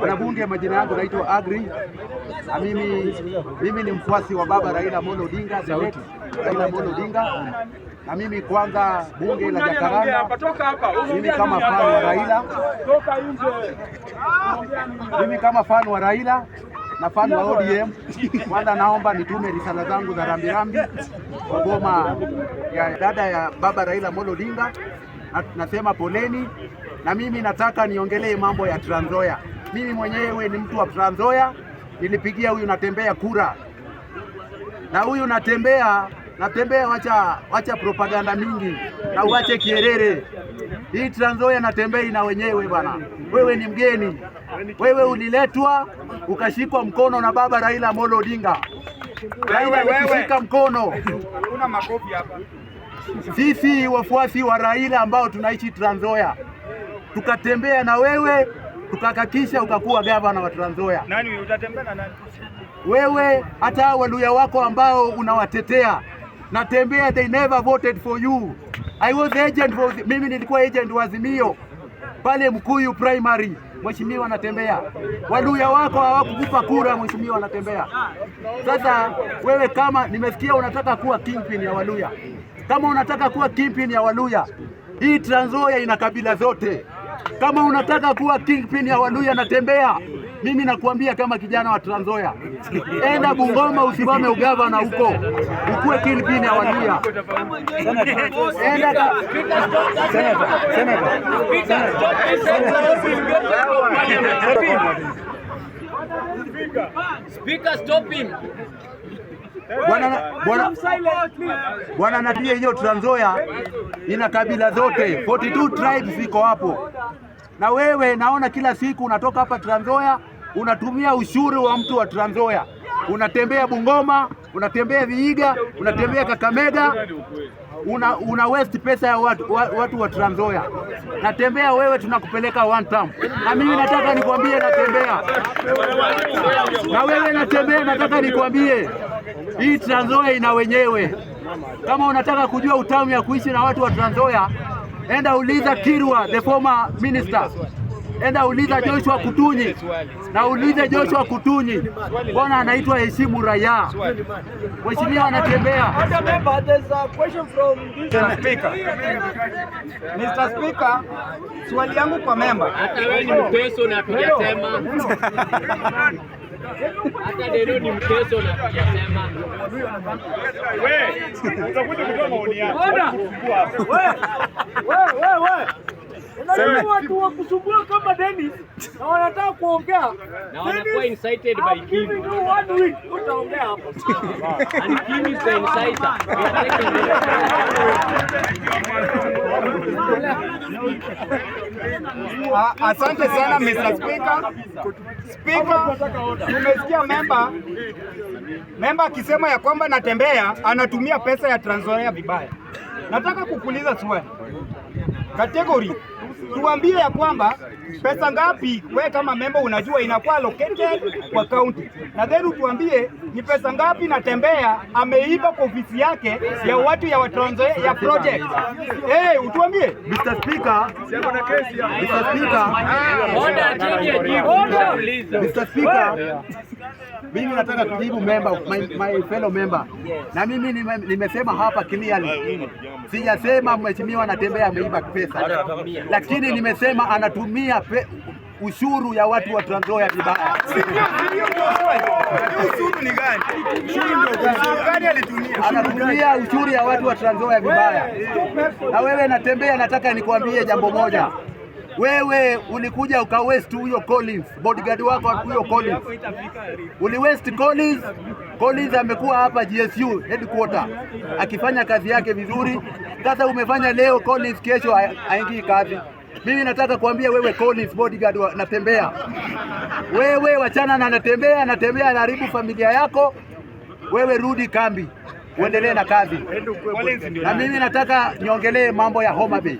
Mwanabunge, majina yangu naitwa Agri. Mimi mimi ni mfuasi wa baba Raila Amolo Odinga, Raila Amolo Odinga. Na mimi kwanza, bunge la Jakaranda, mimi kama fan wa Raila, mimi kama fan wa Raila na fan wa ODM kwanza, naomba nitume risala zangu za rambirambi kwa boma ya dada ya baba Raila Amolo Odinga nasema tunasema poleni, na mimi nataka niongelee mambo ya Trans Nzoia. Mimi mwenyewe ni mtu wa Trans Nzoia, nilipigia huyu Natembea kura na huyu Natembea Natembea, wacha wacha propaganda mingi na uache kierere hii. Trans Nzoia Natembea ina wenyewe bwana. Wewe ni mgeni, wewe uliletwa ukashikwa mkono na baba Raila Amolo Odinga. Raila alikushika mkono. Una makofi hapa sisi wafuasi wa Raila ambao tunaishi Trans Nzoia tukatembea na wewe tukakakisha ukakuwa gavana wa Trans Nzoia. Nani utatembea na nani? Wewe hata waluya wako ambao unawatetea natembea, they never voted for you. I was agent for, mimi nilikuwa agent wa Azimio pale Mkuyu primary. Mheshimiwa Natembea, waluya wako hawakukupa kura. Mheshimiwa Natembea, sasa wewe kama nimesikia unataka kuwa kingpin ya waluya, kama unataka kuwa kingpin ya Waluya, hii Trans Nzoia ina kabila zote. Kama unataka kuwa kingpin ya Waluya, natembea mimi nakuambia, kama kijana wa Trans Nzoia, enda Bungoma, usimame ugavana huko, ukuwe kingpin ya Waluya. Speaker, stop him. Bwana natie hiyo Trans Nzoia ina kabila zote 42 tribes ziko hapo, na wewe naona kila siku unatoka hapa Trans Nzoia unatumia ushuru wa mtu wa Trans Nzoia, unatembea Bungoma, unatembea Vihiga, unatembea Kakamega, una, una waste pesa ya watu, watu wa Trans Nzoia. Natembea wewe, tunakupeleka one term. na mimi nataka nikwambie, natembea na wewe, natembea, nataka nikwambie hii Trans Nzoia ina wenyewe. Kama unataka kujua utamu ya kuishi na watu wa Trans Nzoia, enda uliza Kirwa the former minister, enda uliza Joshua Kutunyi na uliza Joshua Kutunyi, mbona anaitwa heshimu raia? Mheshimiwa anatembea. Mr. Speaker, swali yangu kwa memba hata leo ni mchezo na kusema wewe utakuja kutoa maoni yako watu wa kusumbua kama Dennis na wanataka kuongea na wanakuwa incited by Kim. One week utaongea hapo. And Kim is the inciter. Ah, asante sana Mr. Speaker. Speaker, memba memba akisema ya kwamba Natembea anatumia pesa ya Trans Nzoia vibaya. Nataka kukuuliza swali. Kategori tuambie ya kwamba pesa ngapi we kama memba unajua inakuwa allocated kwa county, na then utuambie ni pesa ngapi natembea ameiba kwa ofisi yake ya watu ya watonze ya project. Hey, utuambie Mr. Speaker, Mr. Speaker, Mr. Speaker. Mimi nataka tujibu member, my, my fellow member, na mimi nimesema hapa clearly, sijasema mheshimiwa anatembea ameiba pesa, lakini nimesema anatumia pe ushuru ya watu wa Trans Nzoia vibaya. Anatumia ushuru ya watu wa Trans Nzoia vibaya, na wewe natembea, nataka nikwambie jambo moja. Wewe ulikuja west huyo Collins, bodyguard wako huyo Collins, west Collins. Collins amekuwa hapa GSU headquarter akifanya kazi yake vizuri. Sasa umefanya leo Collins, kesho aingii kazi. Mimi nataka kuambia wewe Collins, bodyguard wa Natembea, wewe wachana na Natembea. Natembea anaharibu familia yako. Wewe rudi kambi uendelee na kazi, na mimi nataka niongelee mambo ya Homa Bay.